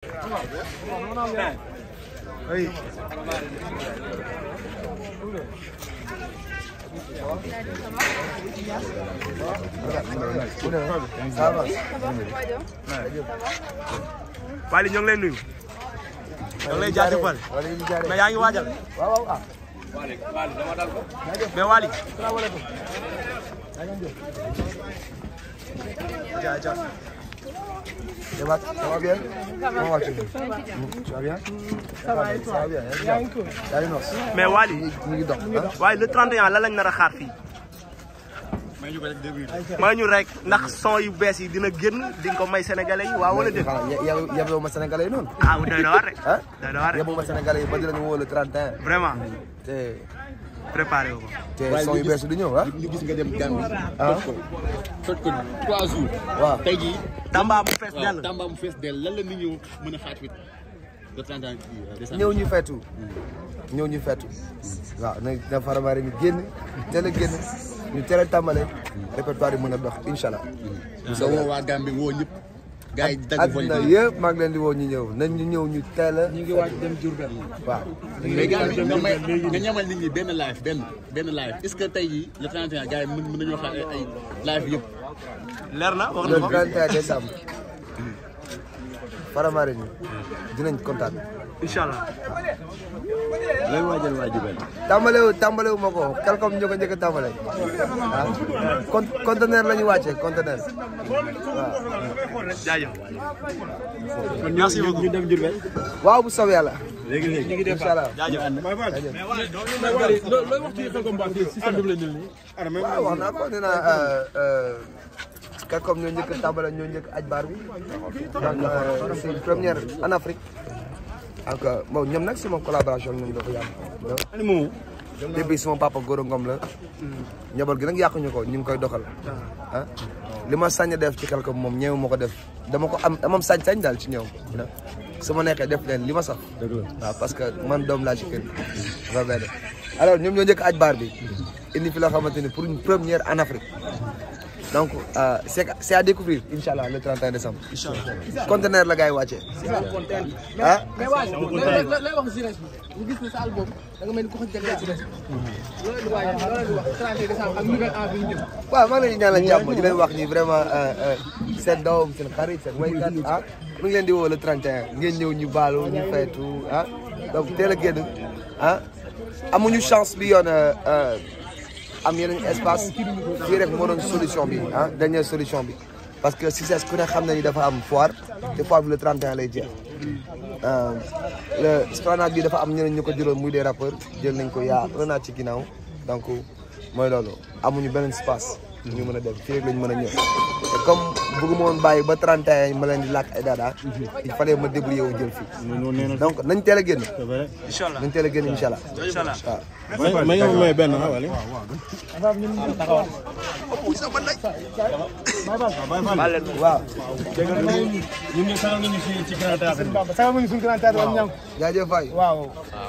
Aí. Waly ñoo ngi leen nuyu. ñoo ngi lay jaajëfal. mais yaa ngi waajal. mais Waly. jaajëf. Ça va, ça va bien Comment vas-tu Tu vas bien Ça va et toi Ça va bien, yaa ngi mais Wally mu ngi dox waaye le 31 lan lañ nar a xaar fii may ñu rek ndax son yu bees yi dina génn di nga ko may sénégalais yi waaw wala déet yaboo ma sénégalais yi noonu ah doy na waar rek doy na waar rek yaboo ma sénégalais yi ba dinañu woo le 31 vraiment préparé wu ma. te son yu bees du ñëw ah. ñu gis nga dem Gambie. ah toj ko waaw tey jii. Tamba mu fees dell Tamba mu fees dell lan la nit ñi mën a xaat wit de temps en temps ñëw ñu fetu. Hmm. ñëw ñu fetu. waaw na na faramare ñu génn teel a génn ñu teel a tàmbale hmm. répertoire yi mën a dox incha allah. incha hmm. waa Gambie woo ñëpp. gars yi dagg vol bi yëpp maa ngi leen di woo ñu ñëw nañ ñu ñëw ñu teel a. ñu ngi waaj dem Diourbel waaw. mais gars yi nga may nga ñamal nit ñi benn live benn benn live est que tey jii le 31 gars yi mën mën nañoo xaar ay live yëpp. leer na wax na ko le 31 décembre. Faramareen kontaan. incha allah. looy waajal waa Diourbel. tàmbalewu ma ko Kalkom ñu ko njëkk tàmbale. waaw ah. con conteneur la ñu wàccee conteneur. bu soobee yàlla. léegi léegi ñu nii. Ah, waaw wax naa ko nee naa. Kalkom euh, euh, ñoo njëkk a ñoo njëkk aj baar bi. Euh, première en Afrique. ak euh, bon ñoom nag sama collaboration ñu ngi dafa yàgg. depuis sama papa Goro Ngom la. ñabal gi nag yàquñu ko ñu ngi koy doxal. ah, ah. li ma sañ def ci quelque moom ñëw ma ko def dama ko am amam sañ-sañ daal ci ñëw. Ah. su ma nekkee def leen li ma sax. waaw ah, parce que man doom laa ci kër gi. alors ñoom ñoo njëkk aj baar bi. indi fi la xamante ni pour une première en donc euh, c'est c'est à découvrir incha allah le 31 décembre. incha allah conteneur la gars yi wàccee. ah. mais waa lay wax jeunesse bi. ñu gis ne sa album da nga mel ni ku xëj jagleel jeunesse bi. loolu la ñu waaj loolu la ñu wax 31 décembre ak nouvelle an bi ñu jëm. waaw maa ngi leen di ñaanal jàmm di leen wax ni vraiment euh, euh, seen doom seen xarit seen waykat ah mu ngi leen di woo le 31 ngeen ñëw ñu baalu ñu feetu ah donc teel a génn ah amuñu chance bi yoon. Euh, am yeneen espace fii rek moo solution bi ah dernière solution bi parce que Cissesse ku ne xam ne yi dafa am foire te foire bi le 31 lay jeex euh, le Esplanade bi dafa am ñeneen ñu ko jëloon muy des rappeurs jël nañ ko yaa un an ci ginnaaw donc mooy loolu amuñu beneen espace. ñu mën a dem fii rek mën a ñëw te comme bëgguma woon bàyyi ba 31 a leen di làkk ay daadaa il fallait ma débrouiller wu jël fii donc nañ teel a génn incha allah nañ teel a génn incha allah waaw ma ngeen may benn wala ah, waaw ñun ñu saal nañu ci grand théâtre saal nañu suñu grand théâtre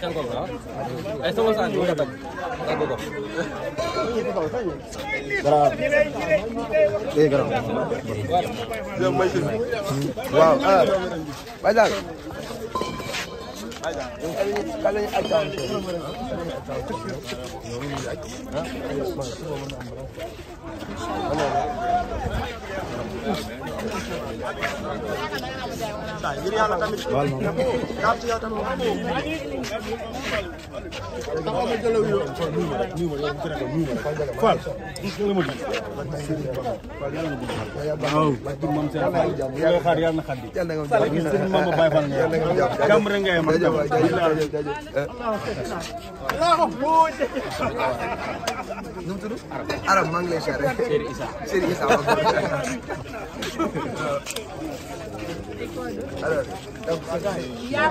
kenn ko ah ay sama saa ñu ngi ko tàgg ko. garaaw eh garaaw. waaw ah. Badiane. kale ajaam ah. ngir yàlla tamit kàpp yow tamit Fall waaw mam se nga xaar yàlla na xaddi sëñ mama Baye Fall nga jàmm rek ngay ma nu mu tudd arab maa ngi lay Serigne Issa Serigne Issa Alors, donc, il y a la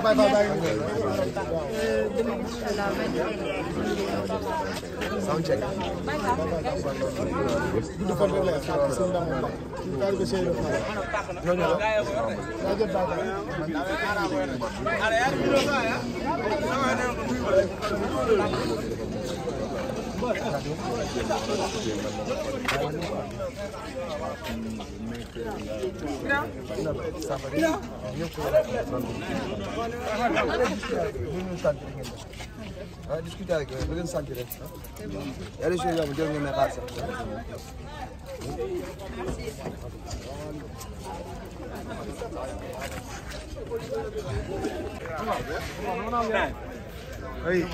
ah discuter avec eux ba ngeen sant rek ah élection yi nga xam ne jërë ngeen ne xaar sax. oui.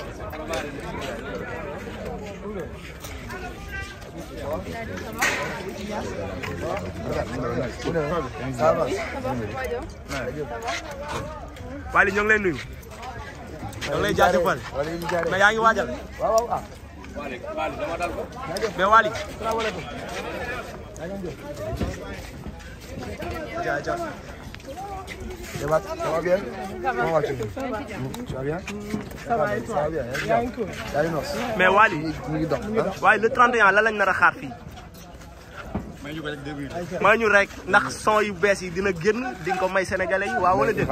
Waly ñoo ngi lay nuyu. ñoo ngi lay jaajëfal mais yaa ngi waajal. mais Waly. jaajëf. Ça va, ça va bien Comment vas-tu Tu vas bien Ça va et toi Ça va bien, yaa ngi ko yaa ngi noos mais Wally ñu ngi dox waaye le 31 lan lañ nar a xaar fii may ñu rek ndax son yu bees yi dina génn di nga ko may sénégalais yi waaw wala déet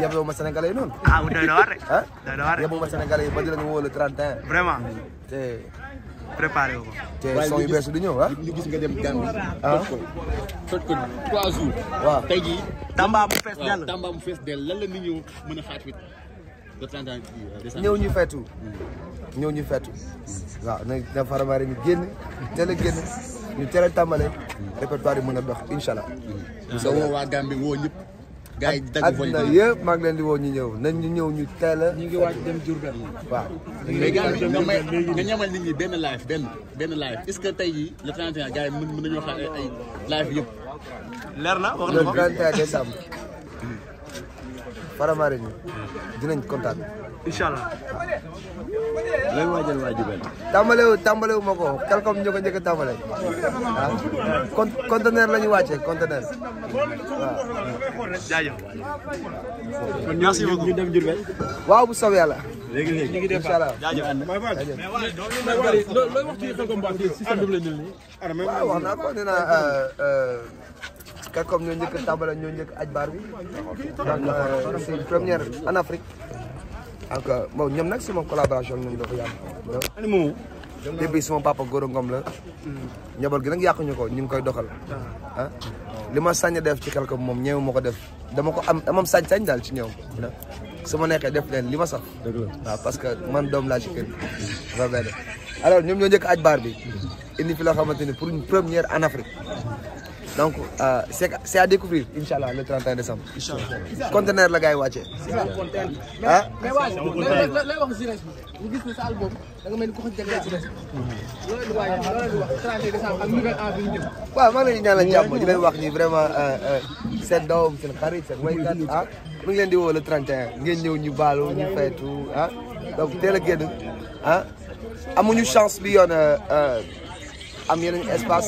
yaboo ma sénégalais yi noonu ah doy na waar rek doy na waar rek yaboo ma sénégalais yi ba dinañu woo le 31 vraiment préparé wu ko. te son yu bees du ñëw ah. ñu gis nga dem Gambie. ah toj ko waaw tey jii. Tamba mu fees dell Tamba mu fees dell lan la nit ñi mën a xaar fii ba 30 décembre. ñëw ñu fetu ñëw ñu fet waaw na na faramare ñu génn teel a génn ñu teel a tàmbale mm. répertoire yi mën a dox incha mm. Mm. woo ñëpp. gars yi dagg vol bi yëpp maa ngi leen di woo ñu ñëw nañ ñu ñëw ñu teel a. ñu ngi waaj dem Diourbel. waaw mais nga ñamal nit ñi benn live benn benn live est-ce que tey jii le 31 gars yi mën mën nañoo ay live yëpp. leer na wax na ko le 31 décembre. Faramareen yi dinañ kontaan. incha allah waaw. looy waajal waa Diourbel. tàmbalewu tàmbalewu ma ko Kalkom ah. ñu waaw con bu soobee yàlla. léegi léegi ñu ngi def incha te comme ñoo njëkk a tàmbale ñoo njëkk aj baar bi donc euh, c'est une première en Afrique donc euh, bon ñoom nag sama collaboration ak ñoom dafa yàgg. depuis sama papa Goro Ngom la. njaboot gi nag yàquñu ko ñu ngi koy doxal. ah li ma sañ def ci quelque moom ñeewu ma ko def dama ko am amam sañ-sañ daal ci ñëw. Ah, su ma nekkee def leen li ma sax. waaw ah, parce que man doom laa ci kër gi. alors ñoom ñoo njëkk aj baar bi indi fi loo xamante ni pour une première en Afrique. donc euh, c'est c'est à découvrir incha allah le 31 décembre. incha allah conteneur la gars yi wàccee. ah. mais waa lay wax jeunesse bi ñu gis ne sa album da nga mel ni ku ko jagleel jeunesse bi. loolu la ñu waay loolu la ñu wax 31 décembre ak nouvelle an bi ñu jëm. waaw maa ngi leen di ñaanal jàmm di leen wax ni vraiment seen doom seen xarit seen waykat ah mu ngi leen di woo le 31 ngeen ñëw ñu baalu ñu feetu ah donc teel a génn ah amuñu chance bi yoon. am yeneen espace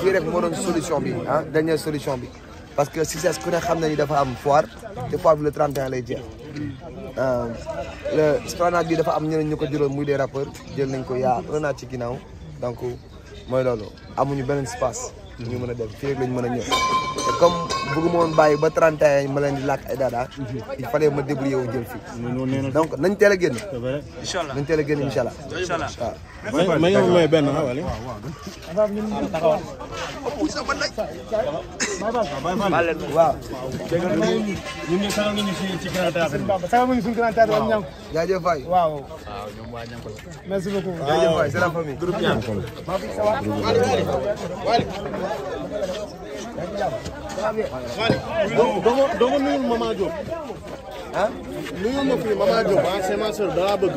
fii rek solution bi ah dernière solution bi parce que si ku ne xam na yi dafa am foire te foire bi le 31 lay jeex euh, le Esplanade bi dafa am ñeneen ñu ko jëloon muy des rappeurs jël nañ ko yaa un ci ginnaaw donc mooy loolu amuñu beneen espace. ñu mën a dem fii rek lañ mën a ñëw te comme bëgguma woon bàyyi ba 31 yi ma leen di làkk ay dada il fallait ma débrouiller wu jël fii donc nañ teel a génn incha allah nañ teel a génn incha allah incha allah waaw ma nga ma may benn awali ah, waaw ñun ñu sagal ñu ci grand théâtre sagal ñu suñu grand théâtre am ñank jaajëf Faye waaw waaw ñoom waa ñank la merci beaucoup jaajëf Faye c'est la famille groupe dama nuyul maman Diop ah nuyul ma fii maman Diop ah c'est ma soeur dala bëgg.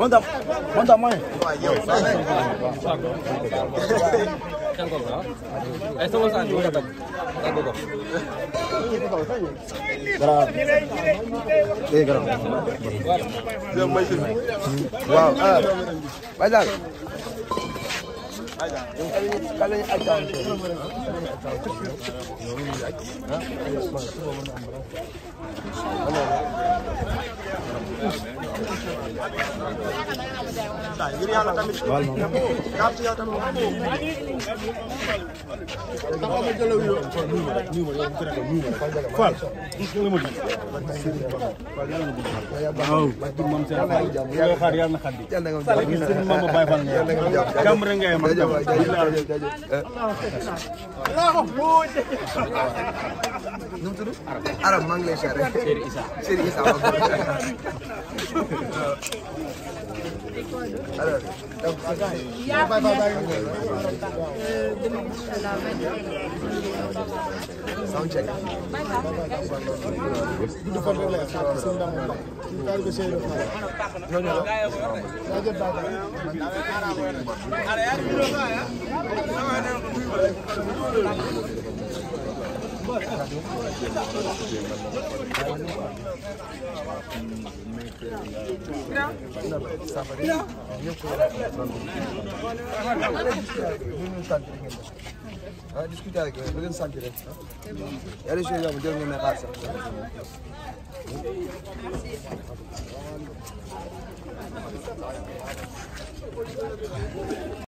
bonjour bonjour mooy. waaw. waaw. Thank you. ngir yàlla tamit carte yow tamit wax dëgg taxaw ma jëlaw yow Fall nga ma di waaw du moom seen Fall nga xaar yàlla na xaar di sëriñ Mama Baye Fall nga kam rek ngay man jam Arab maa ngi lay siyaare Serigne Issa Serigne Issa Alors, donc, il y a pas mal de Ha diskute avec eux, bugün sanki de. Her şey yapın, görmeye kalsa.